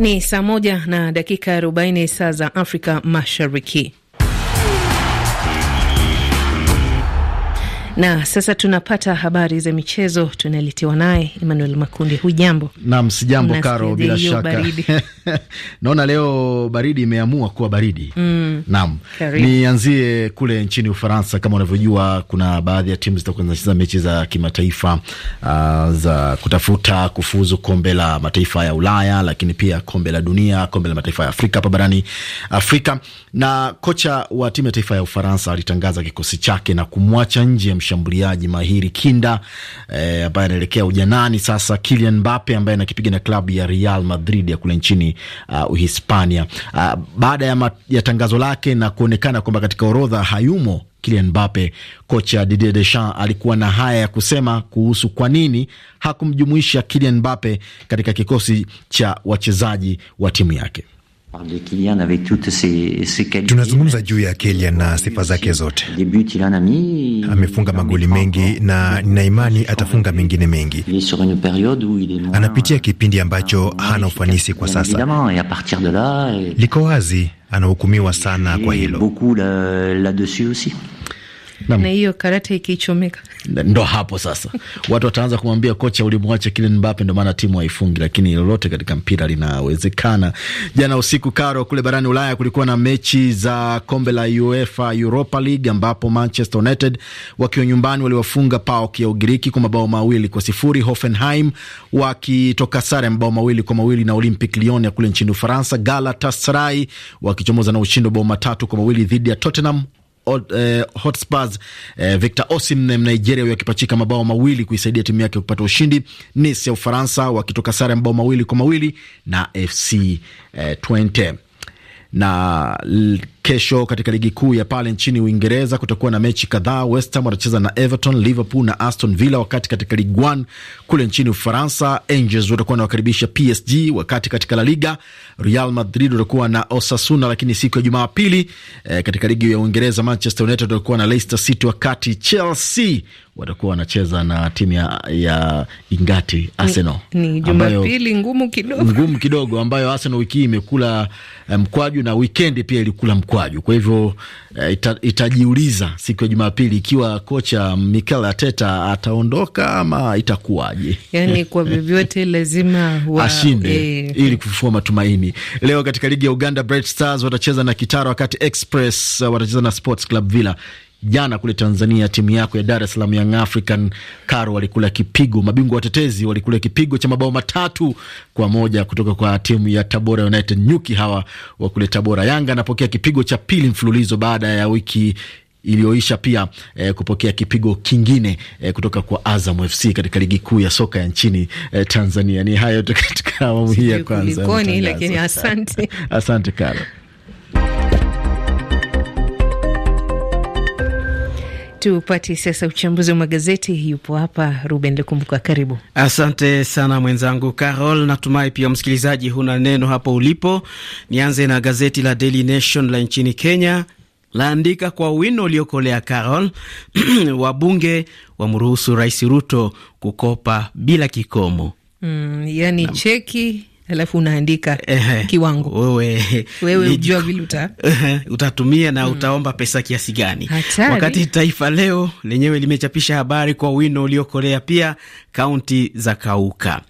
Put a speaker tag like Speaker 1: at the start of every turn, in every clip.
Speaker 1: Ni saa moja na dakika arobaini saa za Afrika Mashariki. Na sasa tunapata habari za michezo, tunaletiwa naye Emmanuel Makundi. Hujambo?
Speaker 2: Naam, jambo Karo, bila shaka naona leo baridi imeamua kuwa baridi. Mm, naam, nianzie kule nchini Ufaransa. Kama unavyojua, kuna baadhi ya timu zitakuwa zinacheza mechi za kimataifa uh, za kutafuta kufuzu kombe la mataifa ya Ulaya, lakini pia kombe la dunia, kombe la mataifa ya Afrika hapa barani Afrika, na kocha wa timu ya taifa ya Ufaransa alitangaza kikosi chake na kumwacha nje ya mshambuliaji mahiri kinda eh, ambaye anaelekea ujanani sasa. Kylian Mbappe ambaye anakipiga na klabu ya Real Madrid ya kule nchini uh, Uhispania uh, baada ya, ya tangazo lake na kuonekana kwamba katika orodha hayumo Kylian Mbappe, kocha Didier Deschamps alikuwa na haya ya kusema kuhusu kwa nini hakumjumuisha Kylian Mbappe katika kikosi cha wachezaji wa timu yake. Tunazungumza juu ya Kylian na sifa zake zote. Amefunga magoli mengi na nina imani atafunga mengine mengi. Anapitia kipindi ambacho hana ufanisi kwa sasa, liko wazi, anahukumiwa sana kwa hilo
Speaker 1: na hiyo karata ikichomeka
Speaker 2: ndo hapo sasa watu wataanza kumwambia kocha ulimwacha kile Mbappe, ndo maana timu haifungi, lakini lolote katika mpira linawezekana. Jana usiku karo kule barani Ulaya kulikuwa na mechi za kombe la UEFA Europa League ambapo Manchester United wakiwa nyumbani waliwafunga PAOK ya Ugiriki kwa mabao mawili kwa sifuri, Hoffenheim wakitoka sare ya mabao mawili kwa mawili na Olympic Lyon ya kule nchini Ufaransa, Galatasaray wakichomoza na ushindi wa bao matatu kwa mawili dhidi ya Tottenham eh, Hotspurs eh, Victor Osimhen Nigeria huyo akipachika mabao mawili kuisaidia timu yake kupata ushindi. Nice ya Ufaransa wakitoka sare mabao mawili kwa mawili na FC eh, 20 na Kesho katika ligi kuu ya pale nchini Uingereza kutakuwa na mechi kadhaa. West Ham watacheza na Everton, Liverpool na Aston Villa, wakati katika Ligue 1 kule nchini Ufaransa Angels watakuwa wanawakaribisha PSG, wakati katika La Liga Real Madrid watakuwa na Osasuna. Lakini siku ya Jumapili e, katika ligi ya Uingereza Manchester United watakuwa na Leicester City, wakati Chelsea watakuwa wanacheza na timu ya, ya ingati Arsenal. Ni, ni Jumapili
Speaker 1: ngumu kidogo, ngumu
Speaker 2: kidogo ambayo Arsenal wiki hii imekula eh, mkwaju na wikendi pia ilikula mkwaju mkwaju. Kwa hivyo eh, ita, itajiuliza siku ya Jumapili ikiwa kocha Mikel Arteta ataondoka ama itakuwaje?
Speaker 1: Yani kwa vyovyote lazima
Speaker 2: wa... ashinde e... ili kufufua matumaini. Leo katika ligi ya Uganda Bright Stars watacheza na Kitara, wakati Express eh, watacheza na Sports Club Villa jana kule Tanzania, timu yako ya Dar es Salaam Young African Caro walikula kipigo, mabingwa watetezi walikula kipigo cha mabao matatu kwa moja kutoka kwa timu ya Tabora United. Nyuki hawa wa kule Tabora. Yanga anapokea kipigo cha pili mfululizo baada ya wiki iliyoisha pia eh, kupokea kipigo kingine eh, kutoka kwa Azam FC katika ligi kuu ya soka ya nchini eh, Tanzania. Ni hayo katika awamu hii ya kwanza. Asante, asante
Speaker 1: Tupate sasa uchambuzi wa magazeti. Yupo hapa Ruben Lukumbuka, karibu.
Speaker 3: Asante sana mwenzangu Carol, natumai pia msikilizaji huna neno hapo ulipo. Nianze na gazeti la Daily Nation la nchini Kenya laandika kwa wino uliokolea Carol, wabunge wamruhusu Rais Ruto kukopa bila kikomo.
Speaker 1: Mm, yani cheki alafu unaandika ehe, kiwango
Speaker 3: wewe, wewe ujua vile uta utatumia na hmm. utaomba pesa kiasi gani? Hatari. Wakati Taifa Leo lenyewe limechapisha habari kwa wino uliokolea pia kaunti za kauka.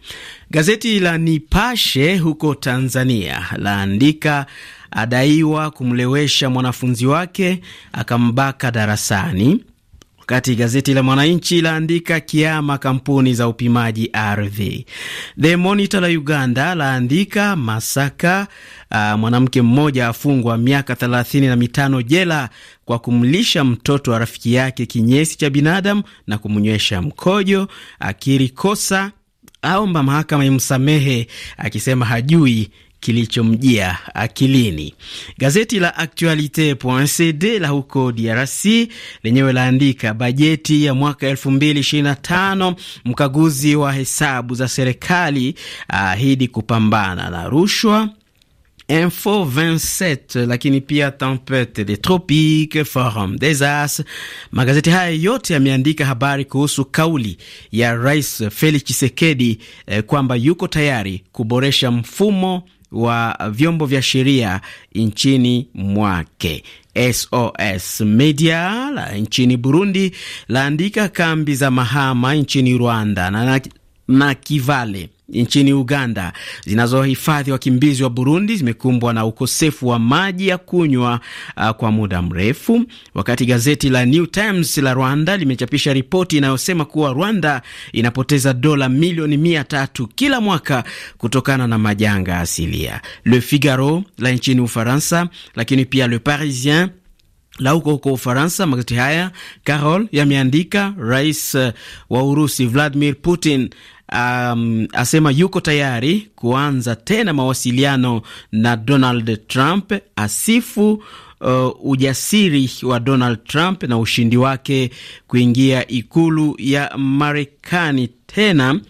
Speaker 3: Gazeti la Nipashe huko Tanzania laandika adaiwa kumlewesha mwanafunzi wake akambaka darasani wakati gazeti la Mwananchi laandika kiama kampuni za upimaji ardhi. The Monitor la Uganda laandika Masaka, uh, mwanamke mmoja afungwa miaka thelathini na mitano jela kwa kumlisha mtoto wa rafiki yake kinyesi cha binadamu na kumnywesha mkojo, akiri kosa aomba mahakama imsamehe akisema hajui kilichomjia akilini. Gazeti la Actualite.cd la huko DRC lenyewe laandika bajeti ya mwaka 2025, mkaguzi wa hesabu za serikali aahidi kupambana na rushwa. Info 27 lakini pia Tempete des Tropiques, Forum des As. Magazeti haya yote yameandika habari kuhusu kauli ya Rais Felix Tshisekedi eh, kwamba yuko tayari kuboresha mfumo wa vyombo vya sheria nchini mwake. SOS Media la nchini Burundi laandika kambi za mahama nchini Rwanda na, na Kivale nchini Uganda zinazohifadhi wakimbizi wa Burundi zimekumbwa na ukosefu wa maji ya kunywa uh, kwa muda mrefu, wakati gazeti la New Times la Rwanda limechapisha ripoti inayosema kuwa Rwanda inapoteza dola milioni mia tatu kila mwaka kutokana na majanga asilia. Le Figaro la nchini Ufaransa, lakini pia Le Parisien la huko huko Ufaransa. Magazeti haya Carol yameandika rais uh, wa Urusi Vladimir Putin um, asema yuko tayari kuanza tena mawasiliano na Donald Trump, asifu Uh, ujasiri wa Donald Trump na ushindi wake kuingia ikulu ya Marekani tena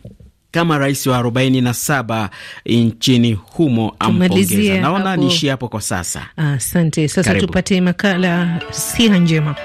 Speaker 3: kama rais wa 47 nchini humo, ampongeza. Naona niishi hapo kwa sasa.
Speaker 1: Asante. Sasa tupate makala siha njema.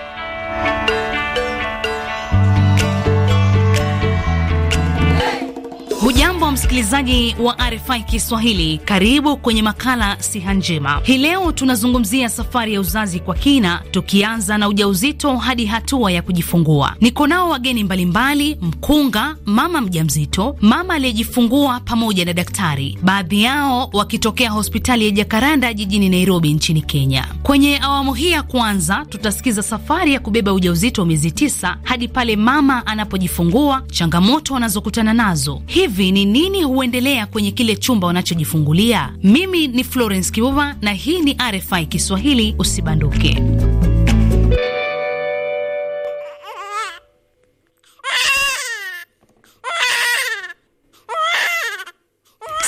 Speaker 4: msikilizaji wa RFI Kiswahili, karibu kwenye makala siha njema. Hii leo tunazungumzia safari ya uzazi kwa kina, tukianza na ujauzito hadi hatua ya kujifungua. Niko nao wageni mbalimbali, mkunga, mama mjamzito, mama aliyejifungua pamoja na daktari, baadhi yao wakitokea hospitali ya Jakaranda jijini Nairobi nchini Kenya. Kwenye awamu hii ya kwanza tutasikiza safari ya kubeba ujauzito wa miezi tisa hadi pale mama anapojifungua, changamoto wanazokutana nazo. Hivi ni nini huendelea kwenye kile chumba wanachojifungulia. Mimi ni Florence Kibuva na hii ni RFI Kiswahili, usibanduke.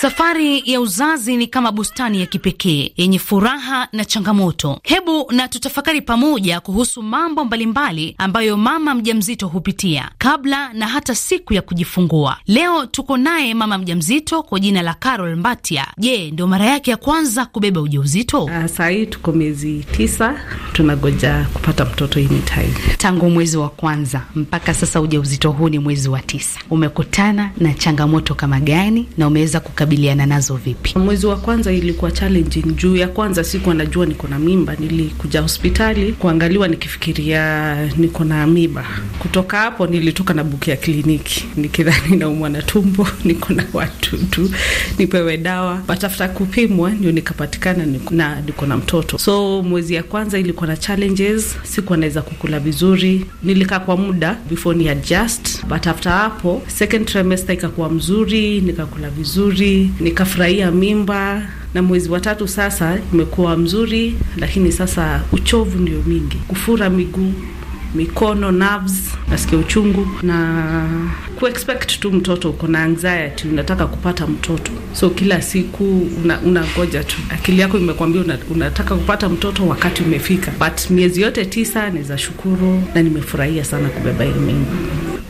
Speaker 4: Safari ya uzazi ni kama bustani ya kipekee yenye furaha na changamoto. Hebu na tutafakari pamoja kuhusu mambo mbalimbali ambayo mama mjamzito hupitia kabla na hata siku ya kujifungua. Leo tuko naye mama mjamzito kwa jina la Carol Mbatia. Je, ndio mara yake ya kwanza kubeba ujauzito? Uh, saa hii tuko miezi tisa, tunagoja kupata mtoto ini Tangu mwezi wa kwanza mpaka sasa ujauzito huu ni mwezi wa tisa, umekutana na changamoto kama gani na umeweza
Speaker 5: mlikabiliana nazo vipi? Mwezi wa kwanza ilikuwa challenging juu ya kwanza sikuwa najua niko na mimba, nilikuja hospitali kuangaliwa nikifikiria niko na mimba. Kutoka hapo nilitoka na buki ya kliniki nikidhani naumwa na tumbo, niko na watutu, nipewe dawa, Batafuta kupimwa ndio nikapatikana na, niko na mtoto. So mwezi ya kwanza ilikuwa na challenges, sikuwa naweza kukula vizuri, nilikaa kwa muda before ni adjust, but after hapo second trimester ikakuwa mzuri, nikakula vizuri nikafurahia mimba na mwezi wa tatu sasa imekuwa mzuri, lakini sasa uchovu ndio mingi, kufura miguu mikono, nerves, nasikia uchungu na kuexpect tu mtoto. Uko na anxiety, unataka kupata mtoto, so kila siku unangoja una tu, akili yako imekwambia una, unataka kupata mtoto, wakati umefika. But miezi yote tisa niza shukuru na nimefurahia sana kubeba hii mimba.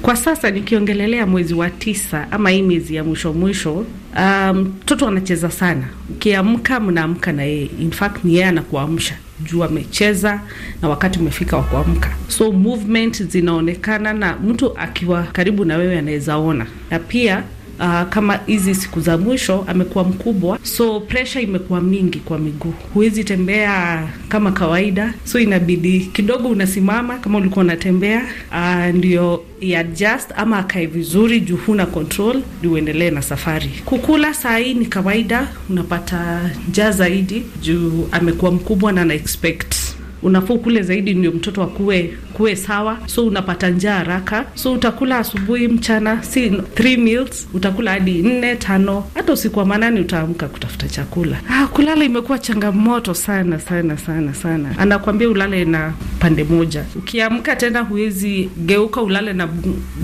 Speaker 5: Kwa sasa nikiongelelea mwezi wa tisa ama hii miezi ya mwisho mwisho um, mtoto um, anacheza sana. Ukiamka mnaamka na yeye, in fact ni yeye anakuamsha juu amecheza na wakati umefika wa kuamka. So movement zinaonekana na mtu akiwa karibu na wewe anawezaona, na pia uh, kama hizi siku za mwisho amekuwa mkubwa, so pressure imekuwa mingi kwa miguu, huwezi tembea kama kawaida, so inabidi kidogo unasimama kama ulikuwa unatembea, uh, ndio iadjust ama akae vizuri juu huna control, ndio uendelee na safari. Kukula saa hii ni kawaida, unapata njaa zaidi juu amekuwa mkubwa na na expect unafaa ukule zaidi ndio mtoto akuwe kuwe sawa, so unapata njaa haraka, so utakula asubuhi, mchana, si three meals, utakula hadi nne tano, hata usiku wa manane utaamka kutafuta chakula. Ah, kulala imekuwa changamoto sana sana sana sana, anakwambia ulale na pande moja, ukiamka tena huwezi geuka ulale na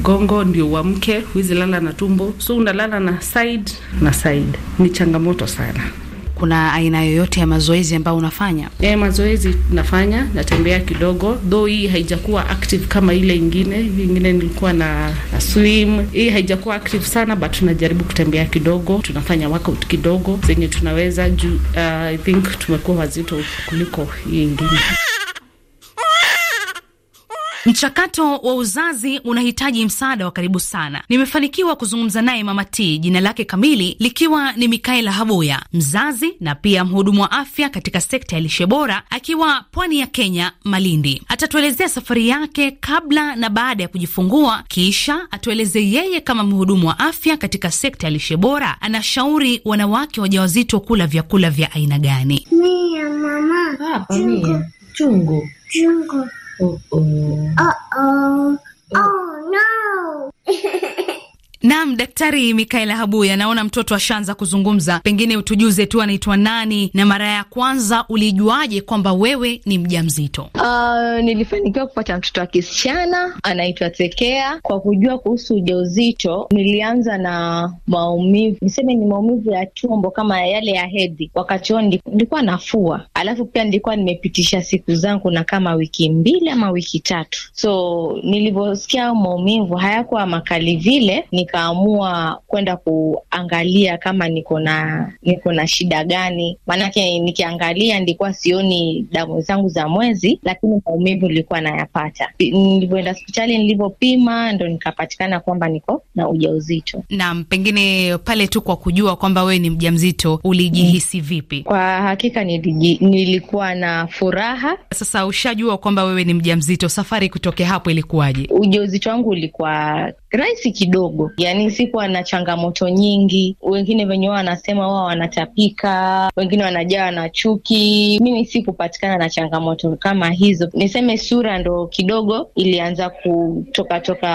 Speaker 5: gongo ndio uamke, huwezi lala na tumbo, so unalala na side na side, ni changamoto sana kuna aina yoyote ya mazoezi ambayo unafanya? E, mazoezi nafanya, natembea kidogo, though hii haijakuwa active kama ile ingine. Hii ingine nilikuwa na, na swim. Hii haijakuwa active sana, but tunajaribu kutembea kidogo, tunafanya workout kidogo zenye tunaweza juu. Uh, I think tumekuwa wazito kuliko hii ingine.
Speaker 4: Mchakato wa uzazi unahitaji msaada wa karibu sana. Nimefanikiwa kuzungumza naye Mama T, jina lake kamili likiwa ni Mikaela Habuya, mzazi na pia mhudumu wa afya katika sekta ya lishe bora, akiwa pwani ya Kenya, Malindi. Atatuelezea safari yake kabla na baada ya kujifungua, kisha atueleze yeye kama mhudumu wa afya katika sekta ya lishe bora anashauri wanawake wajawazito kula vyakula vya aina gani?
Speaker 6: Mia mama
Speaker 4: Uh-oh. Uh-oh. Oh, no. Naam, Daktari Mikaela Habuya, naona mtoto ashaanza kuzungumza, pengine utujuze tu anaitwa nani na mara ya kwanza ulijuaje kwamba wewe ni mjamzito?
Speaker 7: Uh, nilifanikiwa kupata mtoto wa kisichana anaitwa Tekea. Kwa kujua kuhusu ujauzito, nilianza na maumivu, niseme ni maumivu ya tumbo kama yale ya hedhi. Wakati huo nilikuwa nafua alafu pia nilikuwa nimepitisha siku zangu na kama wiki mbili ama wiki tatu, so nilivyosikia maumivu hayakuwa makali vile, nikaamua kwenda kuangalia kama niko na niko na shida gani, maanake nikiangalia nilikuwa sioni damu zangu za mwezi, lakini maumivu nilikuwa nayapata. Nilivyoenda hospitali, nilivyopima, ndo
Speaker 4: nikapatikana kwamba niko na ujauzito. Naam, pengine pale tu kwa kujua kwamba wewe ni mjamzito ulijihisi mm. vipi? Kwa
Speaker 7: hakika nilikuwa na furaha.
Speaker 4: Sasa ushajua kwamba wewe ni mjamzito, safari kutokea hapo ilikuwaje? Ujauzito wangu
Speaker 7: ulikuwa rahisi kidogo, yani sikuwa na changamoto nyingi. Wengine wenye wao wanasema wao wanatapika, wengine wanajawa na chuki. Mimi sikupatikana na changamoto kama hizo. Niseme sura ndo kidogo ilianza kutokatoka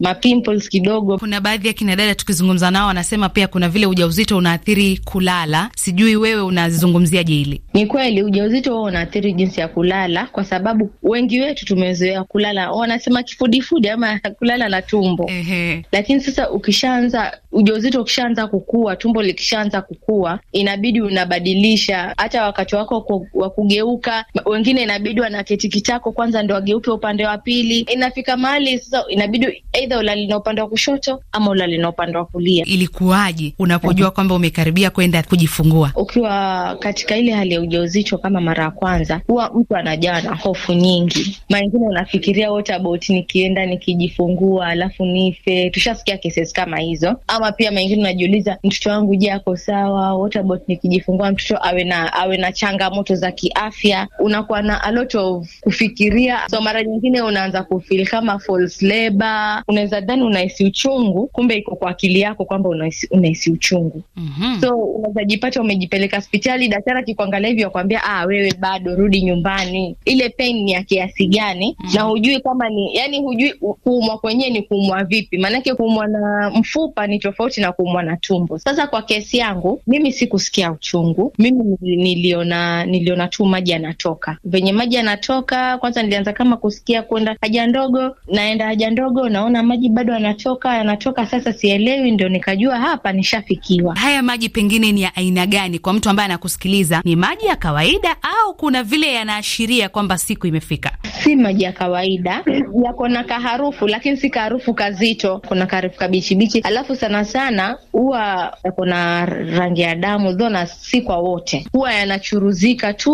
Speaker 4: mapimples kidogo. Kuna baadhi ya kinadada tukizungumza nao wanasema pia kuna vile ujauzito unaathiri kulala, sijui wewe unazungumziaje hili? Ni kweli pili, ujauzito huo unaathiri jinsi
Speaker 7: ya kulala, kwa sababu wengi wetu tumezoea kulala, wanasema kifudifudi ama kulala na tumbo. Ehe. Lakini sasa ukishaanza ujauzito, ukishaanza kukua, tumbo likishaanza kukua, inabidi unabadilisha hata wakati wako wa kugeuka. Wengine inabidi wanaketi kitako kwanza ndo wageuke upande wa pili. Inafika mahali sasa inabidi eidha ulali na upande wa kushoto
Speaker 4: ama ulali na upande wa kulia. Ilikuwaje unapojua mhm. kwamba umekaribia kwenda kujifungua
Speaker 7: ukiwa katika ile hali ya ujauzito? hicho kama mara ya kwanza, huwa mtu anajaa na hofu nyingi. Mara nyingine unafikiria what nikienda nikijifungua alafu nife. Tushasikia cases kama hizo, ama pia mara nyingine unajiuliza mtoto wangu je, ako sawa? What nikijifungua mtoto awe na awe na changamoto za kiafya? Unakuwa na a lot of kufikiria, so mara nyingine unaanza kufil kama false labor. Unaweza dhani unahisi uchungu, kumbe iko kwa akili yako kwamba unahisi uchungu. mm -hmm. So unaweza jipata umejipeleka hospitali, daktari akikuangalia hivyo kukwambia ah, wewe bado rudi nyumbani. Ile pain ni ya kiasi gani? mm. na hujui kama ni yani, hujui kuumwa kwenyewe ni kuumwa vipi, maanake kuumwa na mfupa ni tofauti na kuumwa na tumbo. Sasa kwa kesi yangu mimi sikusikia uchungu, mimi niliona niliona tu maji yanatoka. Venye maji yanatoka, kwanza nilianza kama kusikia kwenda haja ndogo, naenda haja ndogo, naona maji bado yanatoka yanatoka, sasa sielewi, ndio nikajua hapa nishafikiwa.
Speaker 4: Haya maji pengine ni ya aina gani? Kwa mtu ambaye anakusikiliza, ni maji ya kawa kawaida au kuna vile yanaashiria kwamba siku imefika?
Speaker 7: Si maji ya kawaida, yako na kaharufu, lakini si kaharufu kazito, kuna kaharufu kabichibichi, alafu sana sana huwa yako na rangi ya damu zona si kwa wote, huwa yanachuruzika tu.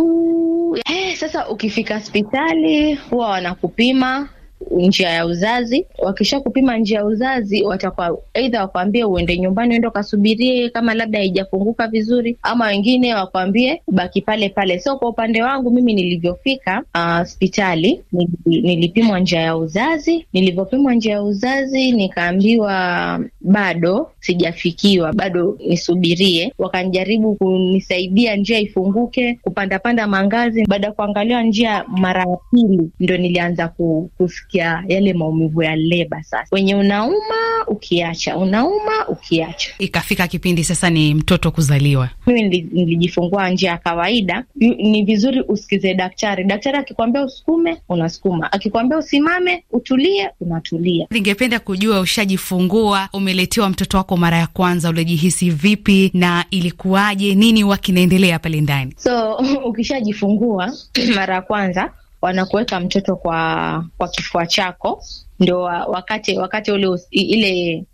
Speaker 7: Eh, sasa ukifika hospitali huwa wanakupima njia ya uzazi. Wakisha kupima njia ya uzazi, watakuwa aidha wakwambie uende nyumbani uende ukasubirie kama labda haijafunguka vizuri, ama wengine wakwambie baki pale pale. So kwa upande wangu mimi nilivyofika ah, hospitali uh, nilipimwa njia ya uzazi. Nilivyopimwa njia ya uzazi nikaambiwa bado sijafikiwa, bado nisubirie. Wakanijaribu kunisaidia njia ifunguke, kupandapanda mangazi. Baada ya kuangaliwa njia mara ya pili, ndo nilianza ku, kusikia unasikia yale maumivu ya leba. Sasa wenye unauma ukiacha, unauma ukiacha.
Speaker 4: Ikafika kipindi sasa ni mtoto kuzaliwa,
Speaker 7: mimi nilijifungua njia ya kawaida. Ni vizuri usikize daktari. Daktari akikwambia usukume, unasukuma, akikwambia usimame, utulie, unatulia.
Speaker 4: Ningependa kujua ushajifungua, umeletewa mtoto wako mara ya kwanza, ulijihisi vipi na ilikuwaje? Nini wakinaendelea pale ndani?
Speaker 7: So ukishajifungua mara ya kwanza wanakuweka mtoto kwa kwa kifua chako ndo wakati wakati ule ile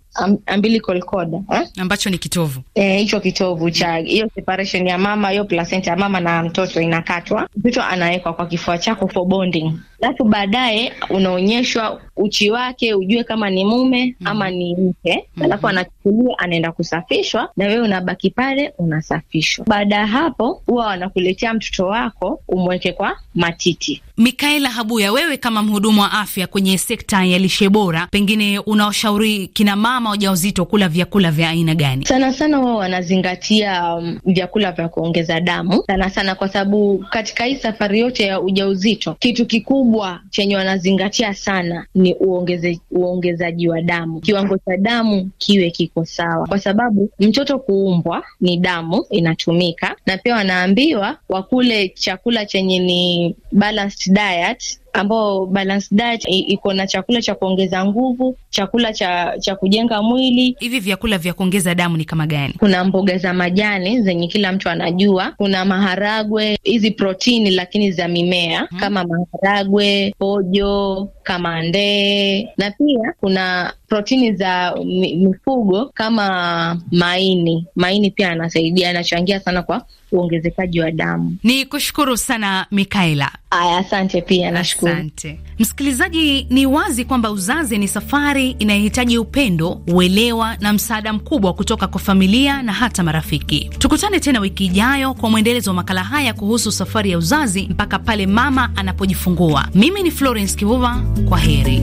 Speaker 7: umbilical cord eh?
Speaker 4: ambacho ni kitovu
Speaker 7: eh, hicho e, kitovu cha hiyo separation ya mama hiyo placenta ya mama na mtoto inakatwa, mtoto anawekwa kwa kifua chako for bonding alafu baadaye unaonyeshwa uchi wake ujue kama ni mume mm-hmm. ama ni mke, mm-hmm. alafu anachukuliwa anaenda kusafishwa, na wewe unabaki pale unasafishwa. Baada ya hapo, huwa wanakuletea mtoto wako umweke kwa
Speaker 4: matiti. Mikaela Habuya, wewe kama mhudumu wa afya kwenye sekta ya lishe bora, pengine unawashauri kina mama wajawazito kula vyakula vya aina gani?
Speaker 7: Sana sana wao wanazingatia um, vyakula vya kuongeza damu sana sana, kwa sababu katika hii safari yote ya ujauzito kitu kikubwa kikubwa chenye wanazingatia sana ni uongeze, uongezaji wa damu. Kiwango cha damu kiwe kiko sawa, kwa sababu mtoto kuumbwa ni damu inatumika, na pia wanaambiwa wakule chakula chenye ni balanced diet ambao balance diet iko na chakula cha kuongeza nguvu,
Speaker 4: chakula cha, cha kujenga mwili. Hivi vyakula vya kuongeza damu ni kama gani?
Speaker 7: Kuna mboga za majani zenye kila mtu anajua, kuna maharagwe, hizi protini lakini za mimea hmm, kama maharagwe, pojo, kama ndee, na pia kuna protini za mifugo kama maini. Maini pia anasaidia, anachangia sana kwa uongezekaji wa damu.
Speaker 4: Ni kushukuru sana Mikaela.
Speaker 7: Aya, asante pia, nashukuru. Asante
Speaker 4: msikilizaji. Ni wazi kwamba uzazi ni safari inayohitaji upendo, uelewa na msaada mkubwa kutoka kwa familia na hata marafiki. Tukutane tena wiki ijayo kwa mwendelezo wa makala haya kuhusu safari ya uzazi mpaka pale mama anapojifungua. Mimi ni Florence Kivuva, kwa heri.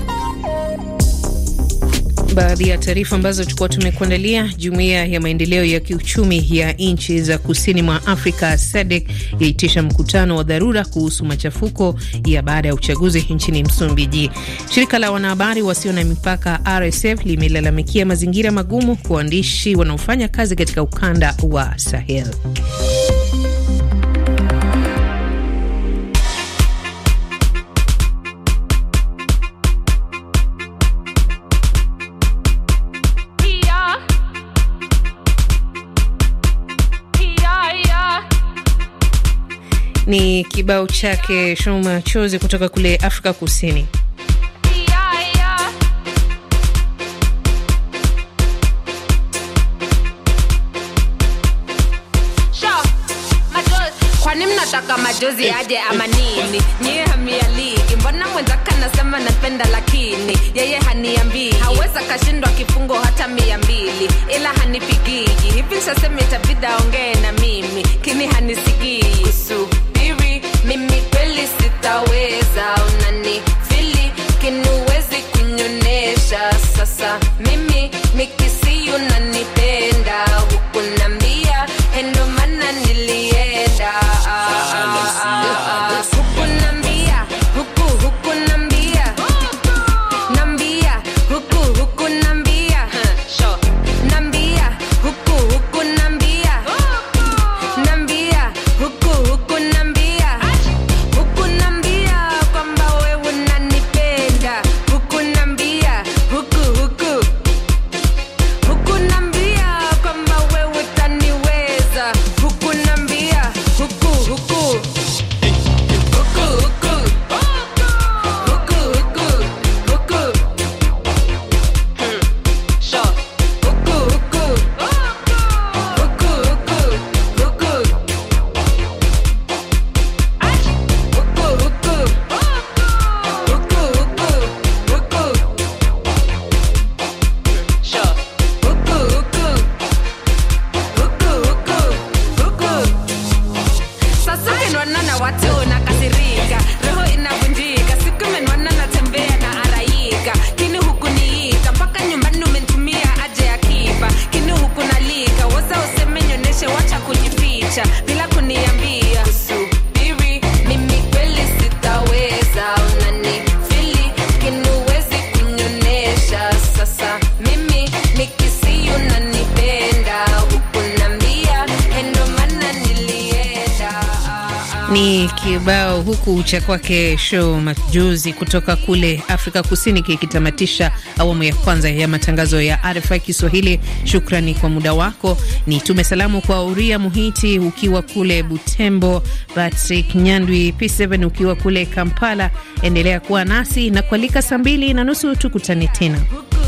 Speaker 2: baadhi ya taarifa ambazo tulikuwa
Speaker 1: tumekuandalia. Jumuiya ya maendeleo ya kiuchumi ya nchi za kusini mwa Afrika SADC yaitisha mkutano wa dharura kuhusu machafuko ya baada ya uchaguzi nchini Msumbiji. Shirika la wanahabari wasio na mipaka RSF limelalamikia mazingira magumu kwa waandishi wanaofanya kazi katika ukanda wa Sahel. ni kibao chake Show Machozi kutoka kule Afrika Kusini.
Speaker 6: Kwani majozi aje ama nini? Nyie hamialiki, mbona mwenzaka nasema napenda, lakini yeye haniambii. Haweza kashindwa kifungo hata mia mbili, ila hanipigii hivi. Sasema itabida ongee na mimi, kini hanisikii kusu mimi kweli sitaweza, unanifili kinu Just
Speaker 1: kibao huku cha kwake show majuzi kutoka kule Afrika Kusini kikitamatisha awamu ya kwanza ya matangazo ya RFI Kiswahili. Shukrani kwa muda wako. Ni tume salamu kwa Uria Muhiti ukiwa kule Butembo, Patrick Nyandwi P7 ukiwa kule Kampala. Endelea kuwa nasi na kualika saa mbili na nusu tukutane tena.